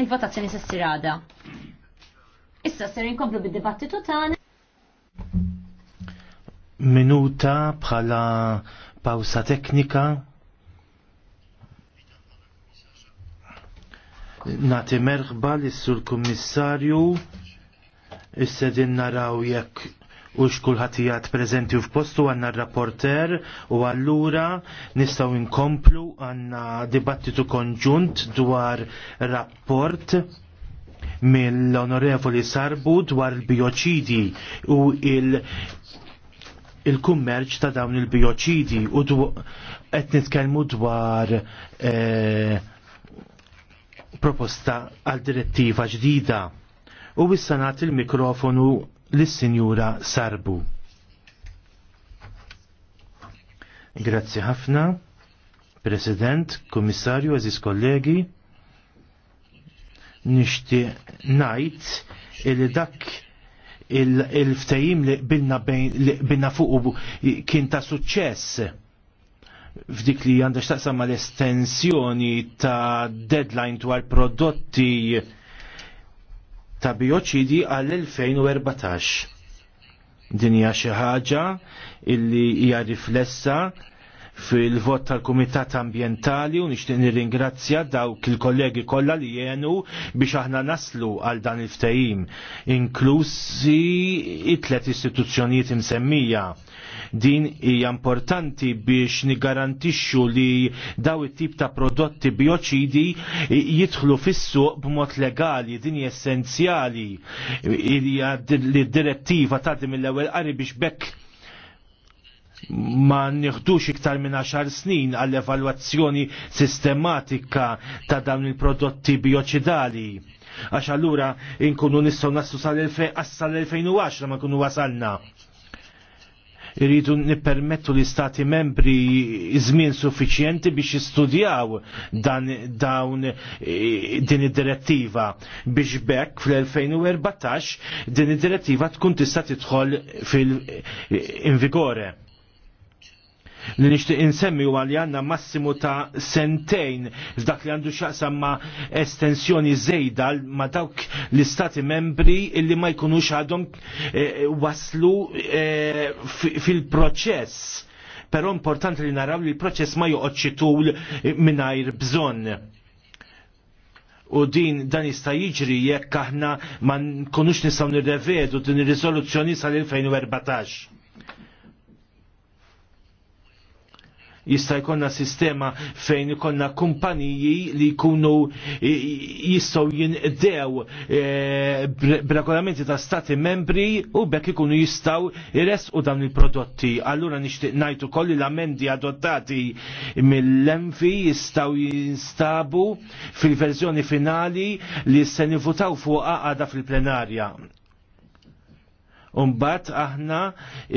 il-votazzjoni se ssir Issa ser inkomplu bid-dibattitu tagħna. Minuta bħala pausa teknika. Nati merħba l-sur kummissarju. Issa din naraw jekk u xkulħatijat prezenti u f'postu għanna rapporter u għallura nistaw inkomplu għanna dibattitu konġunt dwar rapport mill-onorevoli Sarbu dwar il-bioċidi u il- il-kummerċ ta' dawn il-bioċidi u qed nitkellmu dwar eh, proposta għal direttiva ġdida. U issa nagħti il-mikrofonu lis-Sinjura Sarbu. Grazzi ħafna, President, Komissarju, Aziz kollegi, nishti najt il dak il-ftajim li bilna fuqu kien ta' suċċess f'dik li għandha xtaqsam mal estensjoni ta' deadline dwar prodotti ta' bioċidi għall 2014 Din hija xi ħaġa illi hija riflessa fil-vot tal-Kumitat Ambientali u nixtieq nirringrazzja dawk il-kollegi kollha li jenu biex aħna naslu għal dan il-ftehim, inklusi it-tlet istituzzjonijiet imsemmija Din hija importanti biex nigarantixxu li daw it-tip ta' prodotti bioċidi jidħlu fis-suq b'mod legali, din hija essenzjali li d-direttiva tagħti mill-ewwel qari biex bekk ma nieħdux iktar minn 10 snin għall evalwazzjoni sistematika ta' dawn il-prodotti bioċidali. Għax allura inkunu nistgħu naslu sal-2010 ma nkunu wasalna. Irridu nippermettu li stati membri iżmien suffiċjenti biex jistudjaw dan dawn e, din id-direttiva biex bekk fl-2014 din id-direttiva tkun tista' tidħol fil-invigore li nixtieq insemmi huwa li għandna massimu ta' sentejn f'dak li għandu x'aqsam ma' estensjoni żejda ma' dawk l-istati membri illi ma jkunux għadhom eh, waslu eh, fil-proċess. Però importanti li naraw li l-proċess ma xi tul eh, mingħajr bżonn u din dan jista' jiġri jekk aħna ma nkunux nistgħu nirrevedu din ir-riżoluzzjoni sal-2014 jista' jkollna sistema fejn ikollna kumpaniji li jkunu jistgħu jinqdew e, b'regolamenti ta' stati membri u bekk ikunu jistgħu jresqu dawn il-prodotti. Allura nixtieq ngħid ukoll li l-amendi adottati mill-envi jistgħu jinstabu fil-verżjoni finali li se nivutaw fuq għada fil-plenarja. Umbat aħna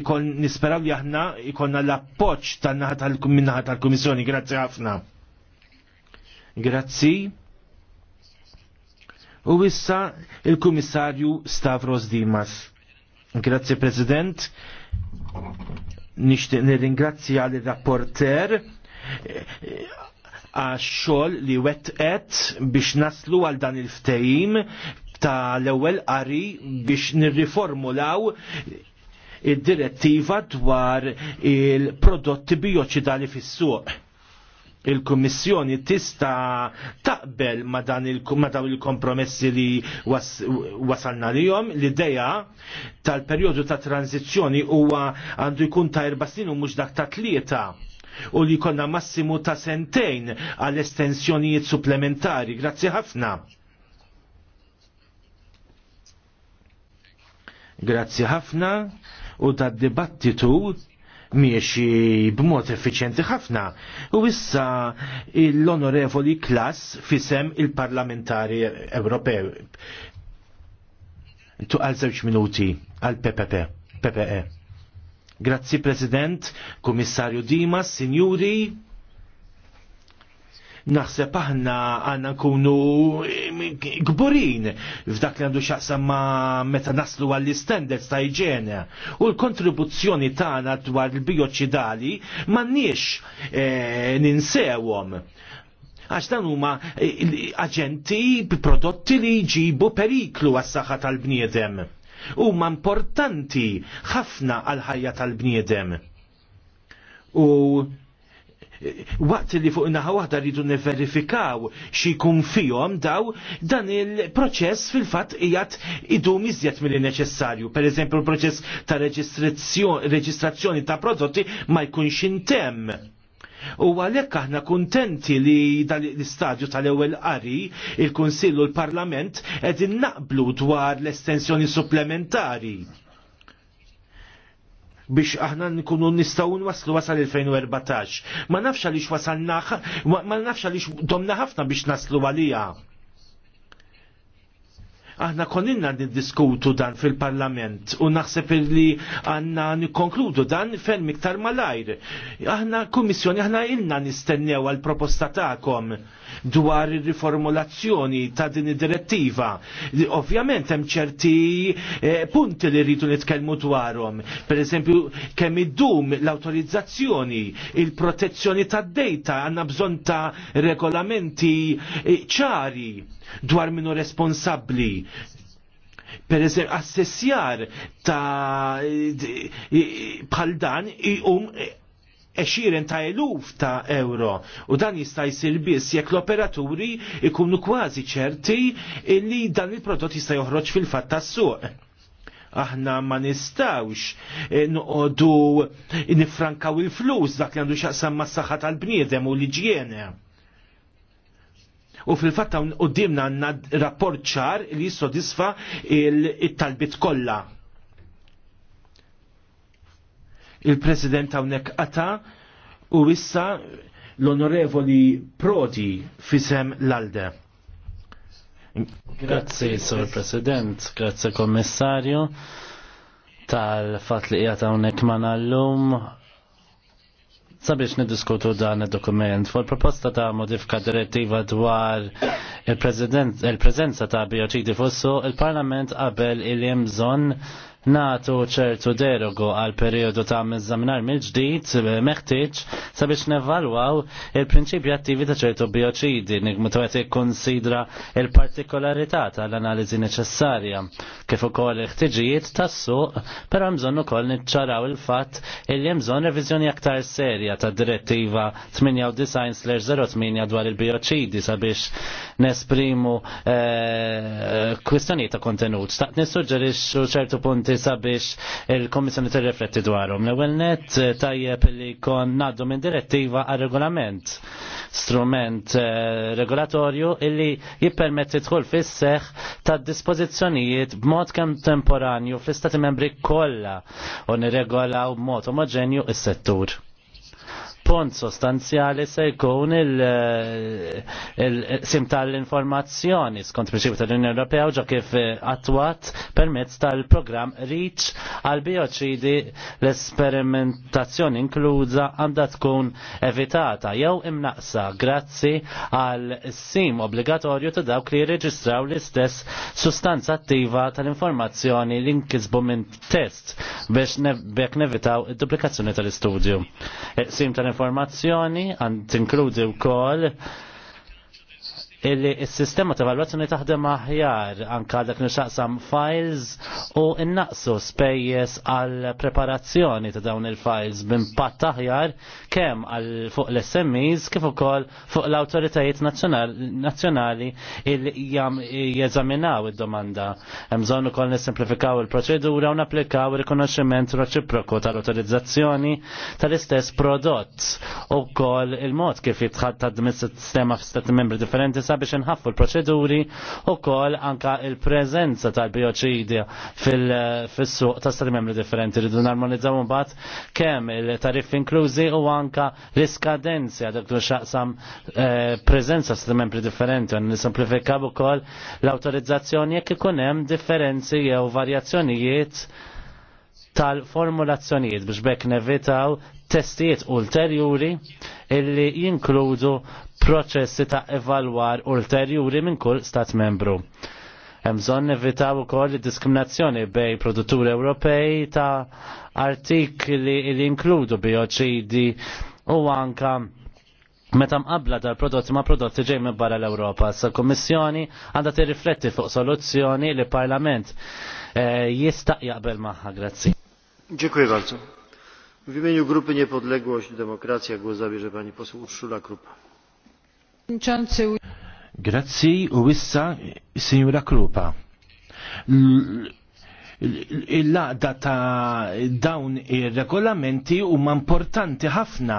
ikon nisperaw li aħna ikonna l-appoċ tan-naħat minnaħat tal-Kummissjoni. Grazzi ħafna. Grazzi. U issa il-Kummissarju Stavros Dimas. Grazzi President. Nishtiq nirringrazzja l-rapporter eh, għax xogħol li wetqet biex naslu għal dan il-ftehim ta' l-ewwel qari biex nirriformulaw id-direttiva dwar il-prodotti bioċidali fis-suq il-Kummissjoni tista taqbel ma dan il-kompromessi li was, wasalna li jom l-ideja tal-periodu ta' tranzizjoni huwa għandu jkun ta' erba' snin u mhux dak ta' tlieta u li konna massimu ta' sentejn għall estensjonijiet supplementari. Grazzi ħafna. Grazzi ħafna u tad dibattitu miexi b'mod effiċenti ħafna. U issa l-onorevoli klas fisem il-parlamentari Ewropew. Tu għal żewġ minuti għal PPP, PPE. Grazzi President, Komissarju Dimas, Signuri, naħseb aħna għanna nkunu gburin f'dak li għandu xaqsam ma meta naslu għall-standards ta' iġene u l-kontribuzzjoni tagħna dwar il-bioċidali m'għandniex eh, ninsewhom għax dan huma eh, aġenti prodotti li jġibu periklu għas-saħħa tal-bniedem. Huma importanti ħafna għal ħajja tal-bniedem. U waqt li fuq naħa waħda rridu neverifikaw xi jkun fihom daw dan il-proċess fil-fatt qiegħed idum iżjed milli neċessarju. Per eżempju l-proċess ta' reġistrazzjoni ta' prodotti ma jkunx intemm. U għalhekk aħna kuntenti li dal-istadju tal-ewwel qari il-Kunsill u l-Parlament qegħdin naqblu dwar l-estensjoni supplementari biex aħna nkunu nistgħu nwaslu wasal 2014. Ma nafx għaliex wasalna, ma nafx għaliex domna ħafna biex naslu għalija aħna koninna niddiskutu dan fil-parlament u naħseb li għanna nikonkludu dan fenn miktar malajr. Aħna kummissjoni, aħna ilna nistennew għal proposta ta'kom dwar riformulazzjoni ta' din id-direttiva. Ovvjament hemm ċerti eh, punti li rridu nitkellmu dwarhom. Per eżempju, kemm iddum l-autorizzazzjoni, il-protezzjoni tad-dejta għandna bżonn ta' regolamenti eh, ċari dwar minu responsabbli per eżem assessjar ta' bħal dan um eċiren ta' eluf ta' euro u dan jista' jsir biss jekk l-operaturi ikunu kważi ċerti li dan il-prodott jista' joħroġ fil-fatt tas-suq. Aħna ma nistawx eh, noqogħdu nifrankaw il-flus dak li għandu x'aqsam mas-saħħa tal-bniedem u l-iġjene U fil-fatta dimna għandna rapport ċar li jissodisfa il-talbit kollha. Il-President hawnhekk qata u issa l-Onorevoli Prodi fisem l-Alde. Grazzi, Sor President, grazzi Kommissarju, tal-fat li għata għawnek man għallum sabiex nidiskutu dan id-dokument fuq proposta ta' modifika direttiva dwar il-prezenza il ta' bioċidi fossu il-Parlament qabel il-jemżon natu ċertu derogu għal periodu ta' mizzaminar mill-ġdid meħtieġ sabiex nevalwaw il-prinċipju attivi ta' ċertu bioċidi nikmutu għet konsidra il-partikolarità tal-analiżi neċessarja kif ukoll il-ħtiġijiet tas-suq però mżon ukoll niċċaraw il-fatt illi mżon reviżjoni aktar serja ta' direttiva 98/08 dwar il-bioċidi sabiex nesprimu eh, kwistjoni ta' kontenut. Taqt nissuġġerixxu ċertu punti proposti sabiex il-Komissjoni tirrifletti dwarhom. L-ewwel net eh, tajjeb li kon naddu minn direttiva għal regolament strument eh, regolatorju illi jippermetti dħul fis-seħ ta' dispożizzjonijiet b'mod kontemporanju fl-Istati membri kollha u nirregolaw b'mod omogenju is-settur pont sostanzjali se jkun il-sim il, eh, eh, sim tal informazzjoni skont prinċipju tal-Unjoni Ewropea ġo kif eh, attwat permezz tal-programm REACH għal bioċidi l-esperimentazzjoni inkluża għandha tkun evitata jew imnaqsa grazzi għal sim obbligatorju ta' dawk li jirreġistraw l-istess sustanza attiva tal-informazzjoni li nkisbu minn test biex nevitaw id-duplikazzjoni tal-istudju. Sim tal informazzjoni għand tinkludi kol illi s-sistema ta' valwazzjoni taħdem aħjar anka dak nixaqsam files u innaqsu spejjes għal preparazzjoni ta' dawn il-files b'impatt aħjar kemm għal fuq l-SMEs kif ukoll fuq l-awtoritajiet nazzjonali illi jeżaminaw id-domanda. Hemm bżonn ukoll nisimplifikaw il-proċedura u napplikaw ir-rikonoxximent reċiproku tal-autorizzazzjoni tal-istess prodott u wkoll il-mod kif jitħadd tad sistema f'stati membri differenti biex inħaffu l-proċeduri u kol anka il-prezenza tal-bioċidi fil-suq ta' stari membri differenti rridu narmonizzaw mbagħad kemm il tariff inklużi u anka l iskadenzja dak li xaqsam eh, prezenza stari membri differenti għan u ukoll l-autorizzazzjoni jekk ikun hemm differenzi jew varjazzjonijiet tal-formulazzjonijiet biex bekk nevitaw testijiet ulterjuri illi jinkludu proċessi ta' evalwar ulterjuri minn kull stat membru. Hemm bżonn nevitaw ukoll diskriminazzjoni bej produtturi Ewropej ta' artikli li jinkludu bioċidi u anka Meta mqabla dal-prodotti ma' prodotti ġej minn barra l-Ewropa, sa' kommissjoni għandha tirrifletti fuq soluzzjoni li parlament eh, jista' jaqbel magħha. Grazzi. Dziękuję bardzo. W imieniu Grupy Niepodległość i Demokracja głos zabierze pani poseł Urszula Krupa. Grazzi u issa signora Krupa. Il-laqda ta' dawn ir-regolamenti huma importanti ħafna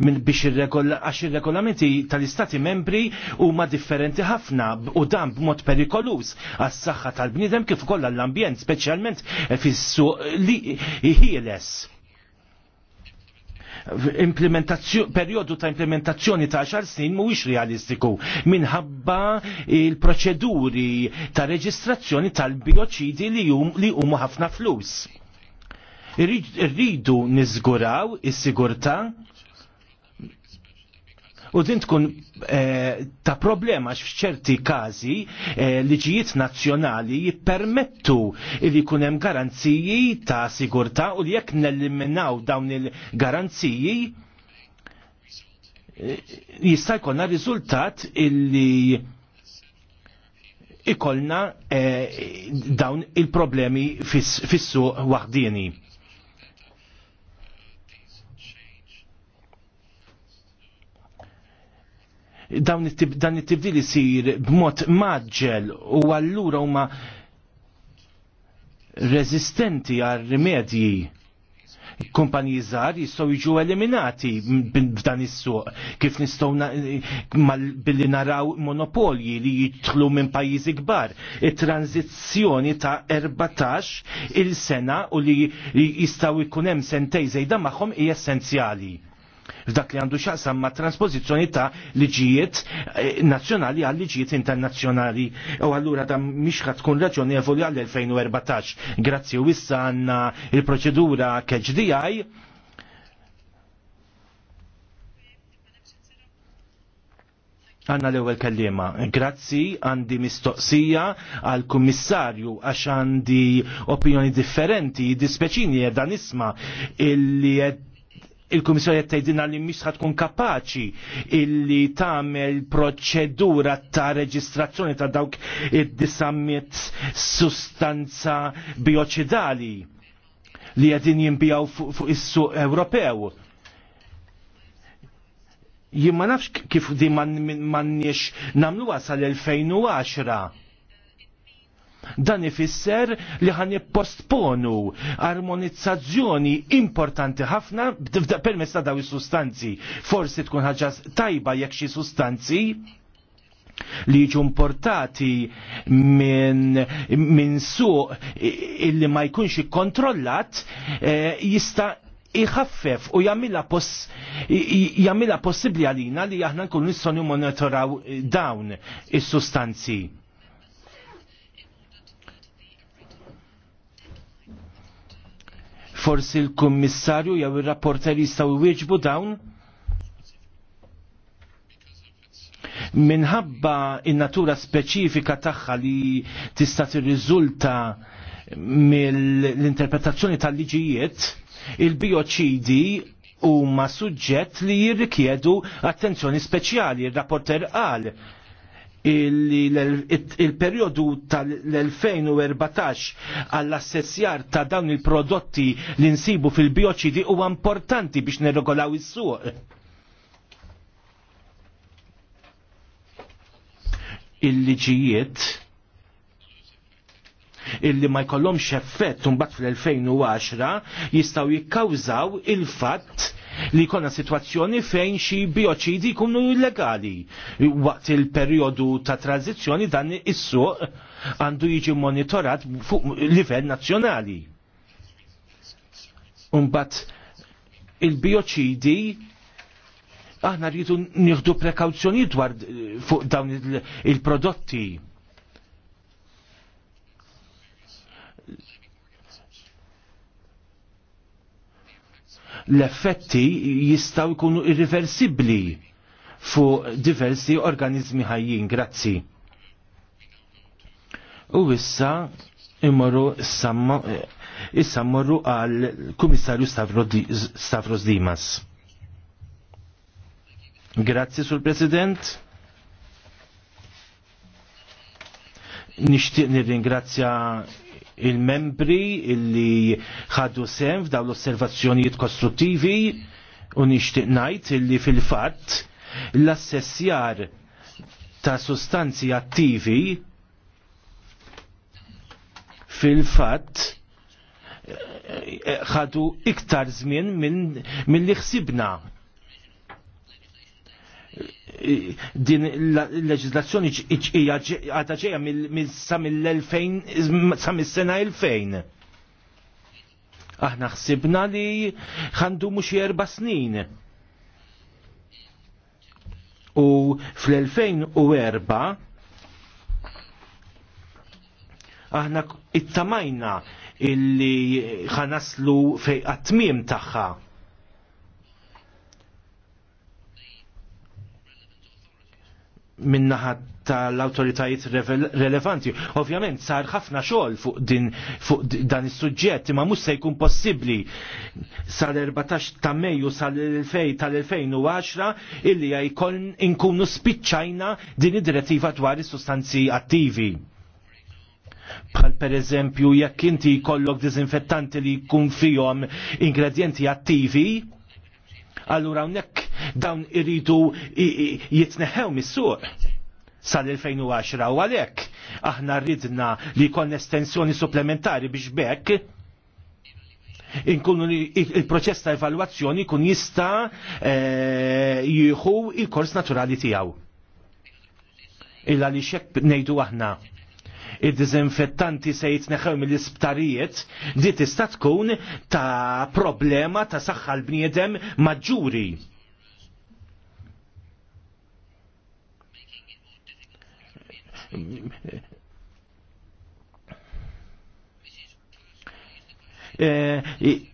biex għax ir-regolamenti tal-istati membri huma differenti ħafna u dan b'mod perikolus għas-saħħa tal-bniedem kif ukoll għall-ambjent, speċjalment fis-suq li ħieles periodu ta' implementazzjoni ta' 10 snin mhuwiex realistiku minħabba il-proċeduri ta' reġistrazzjoni tal-bioċidi li huma ħafna flus. Irridu niżguraw is-sigurtà U din tkun eh, ta' problema x'ċerti każi eh, liġijiet nazzjonali jippermettu li jkun hemm garanziji ta' sigurtà u li jekk nelliminaw dawn il-garanziji eh, jista' jkollna riżultat illi ikolna dawn il-problemi fis-suq waħdini dan it-tibdil isir b'mod maġġel u allura huma rezistenti għal rimedji kumpaniji żgħar jistgħu jiġu eliminati b'dan is-suq kif nistgħu billi naraw monopolji li jidħlu minn pajjiżi kbar. It-tranzizzjoni ta' 14 il-sena u li jistgħu jkun hemm sentej żejda magħhom hija essenzjali f'dak li għandu xaqsam ma' transpożizzjoni ta' liġijiet eh, nazzjonali għal liġijiet internazzjonali. U allura ta' mhix tkun raġuni evoli għal 2014. Grazzi u issa għandna il-proċedura KHDI. Għanna l-ewel kallima. Grazzi, għandi mistoqsija għal kummissarju għax għandi opinjoni differenti, dispeċini għedan nisma illi il komissarja qed tgħidilna li mhix tkun kapaċi illi tagħmel proċedura ta' reġistrazzjoni ta' dawk id-disammiet sustanza bioċidali li qegħdin jinbijaw fuq is-suq Ewropew. Jien ma nafx kif di man, nix namluha sal-2010 Dan ifisser li ħan postponu armonizzazzjoni importanti ħafna permess ta' daw is-sustanzi. Forsi tkun ħaġa tajba jekk xi sustanzi li jiġu importati minn min suq illi ma jkunx ikkontrollat e, jista' iħaffef u jamila, poss jamila possibli għalina li aħna nkunu nistgħu monitoraw dawn is-sustanzi. Forsi l-kummissarju jew ir-rapporter jistgħu jwieġbu dawn? Minħabba in-natura speċifika tagħha li tista' tirriżulta mill-interpretazzjoni tal-liġijiet, il-bioċidi huma suġġett li jirrikjedu attenzjoni speċjali, ir rapporter qal il-periodu tal-2014 għall-assessjar ta' dawn il-prodotti li nsibu fil-bioċidi huwa importanti biex nirregolaw is-suq. Il-liġijiet illi ma jkollhomx effett bat fl-2010 jistgħu jikkawżaw il-fatt li jkollna sitwazzjoni fejn xi bioċidi jkunu illegali. Waqt il-perjodu ta' tranzizzjoni dan is-suq għandu jiġi monitorat fuq livell nazzjonali. Umbat il-bioċidi aħna rridu nieħdu prekawzjoni dwar eh, fuq dawn il-prodotti. il prodotti l-effetti jistaw jkunu irreversibli fuq diversi organizmi ħajjin. Grazzi. U issa imorru eh, issa morru għal Kummissarju Stavros Dimas. Grazzi sul President. Nishtiq nirringrazzja il-membri illi ħadu sem f'daw l-osservazzjonijiet kostruttivi u nixtieq ngħid illi fil-fatt l-assessjar ta' sostanzi attivi fil-fatt eh, ħadu iktar żmien minn min li ħsibna din l-leġizlazzjoni għata ġeja mill-2000 sa mill-sena 2000. Aħna xsibna li għandu mux erba snin. U fl-2004 aħna ittamajna illi ħanaslu fej għatmim taħħa minnaħa tal-autoritajiet relevanti. Ovvjament sar ħafna xogħol fuq din fuq dan is-suġġett imma mhux se jkun possibbli sal-14 ta' Mejju sal-2000 tal-2010 illi jkun inkunu spiċċajna din id-direttiva dwar is-sustanzi attivi. Bħal per eżempju jekk inti jkollok dizinfettanti li jkun fihom ingredienti attivi, allura hawnhekk dawn iridu jitneħew mis-suq sal-2010 u għalhekk aħna rridna li jkollna estensjoni supplementari biex bekk inkunu il-proċess ta' evalwazzjoni kun jista eh, jieħu il-kors naturali tiegħu. Illa li xek nejdu aħna id-dizinfettanti se jitneħew mill-isptarijiet di tista' tkun ta' problema ta' saħħa l-bniedem maġġuri Eh,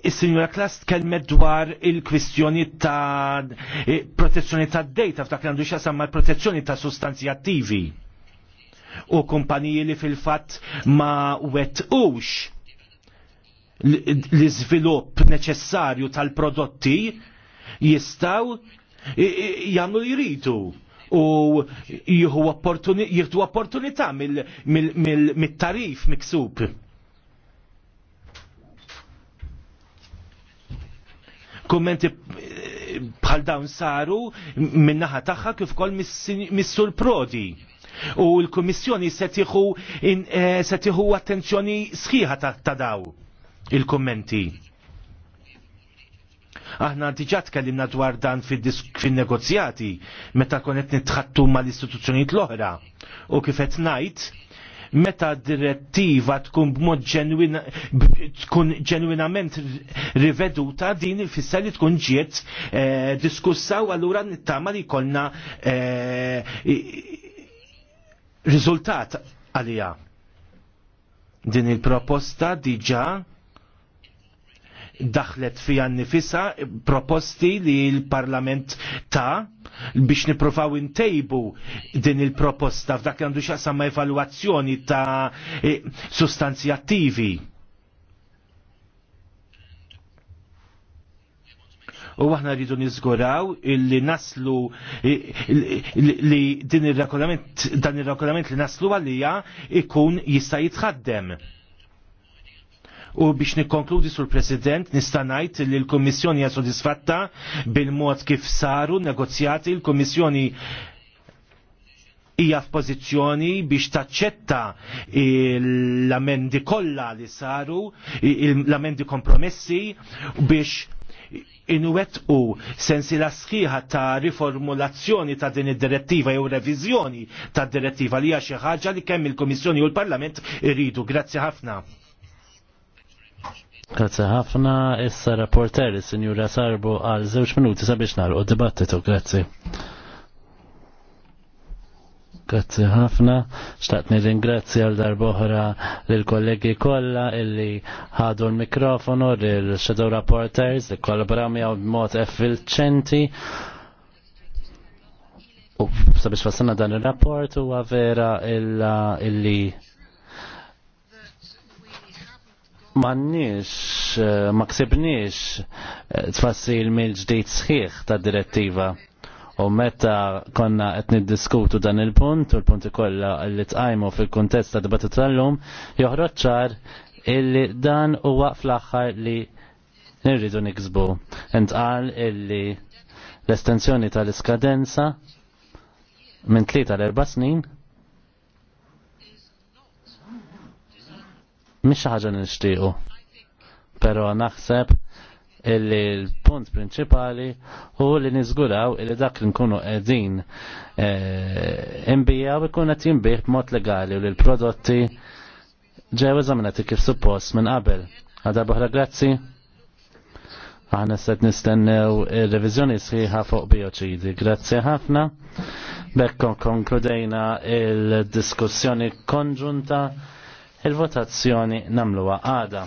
Is-Sinjura Klas tkellmet dwar il-kwistjoni ta' protezzjoni ta' data f'dak li għandu xasam mal protezzjoni ta' sustanzi attivi u kumpaniji li fil-fatt ma ux l-iżvilupp neċessarju tal-prodotti jistaw jagħmlu jridu u jieħdu opportuni, opportunità mill-tarif mil, mil, miksub. Kommenti eh, bħal dawn saru minnaħa tagħha kif ukoll missur Prodi. U l-Kummissjoni se tieħu eh, attenzjoni sħiħa ta' daw il-kommenti. Aħna diġat tkellimna dwar dan fin-negozjati meta konet nitħattu mal istituzzjonijiet l-oħra. U kifet najt, meta direttiva tkun b'mod tkun ġenwinament riveduta din il-fissa li tkun ġiet eh, diskussa u allura nittama li kolna eh, riżultat għalija. Din il-proposta diġa daħlet għanni fissa proposti li l-Parlament ta' biex niprofaw intejbu din il-proposta f'dak li għandu xaqsam ma' evalwazzjoni ta' e, sustanzi attivi. u aħna rridu nizguraw illi naslu li din il rakolament dan il-regolament li naslu għalija ikun jista' jitħaddem. U biex nikkonkludi sur President nista' ngħid li l-Kummissjoni hija sodisfatta bil-mod kif saru negozjati l-Kummissjoni hija f'pożizzjoni biex taċċetta l-amendi kollha li saru, l-amendi kompromessi biex inwet u sensi la sħiħa ta' riformulazzjoni ta' din id-direttiva jew reviżjoni ta' direttiva li hija xi ħaġa li kemm il-Kummissjoni u l-Parlament iridu. Grazzi ħafna. Grazie ħafna, issa rapporteri, Sinjura Sarbu, għal zewċ minuti sabiex narqu dibattitu, grazie. Grazzi ħafna, xtaqt nir-ingrazzi għal darboħra l-kollegi kolla illi ħadu l-mikrofonu, l-shadow reporters, li kollaboraw miegħu b'mod effilċenti. U sabiex fassana dan il-rapport u għavera illi mannis, eh, ma ksibniex eh, tfassil mill-ġdid sħiħ ta' direttiva. U meta konna qed niddiskutu dan il-punt u l-punti kollha li tqajmu fil-kuntest ta' dibattu tal-lum, joħroġ ċar illi dan huwa fl-aħħar li nirridu niksbu. Intqal illi l-estensjoni tal-iskadenza minn tlieta l-erba' snin Mhix ħaġa nixtiequ. Però naħseb illi l-punt prinċipali u li niżguraw illi dak li nkunu qegħdin imbijaw eh, ikun qed jinbih b'mod legali u li l-prodotti ġew ti kif suppost minn qabel. Għada boħra grazzi. Aħna set nistennew ir-reviżjoni sħiħa fuq bioċidi. Grazzi ħafna. Bekkon konkludejna il-diskussjoni konġunta il-votazzjoni namluwa għada.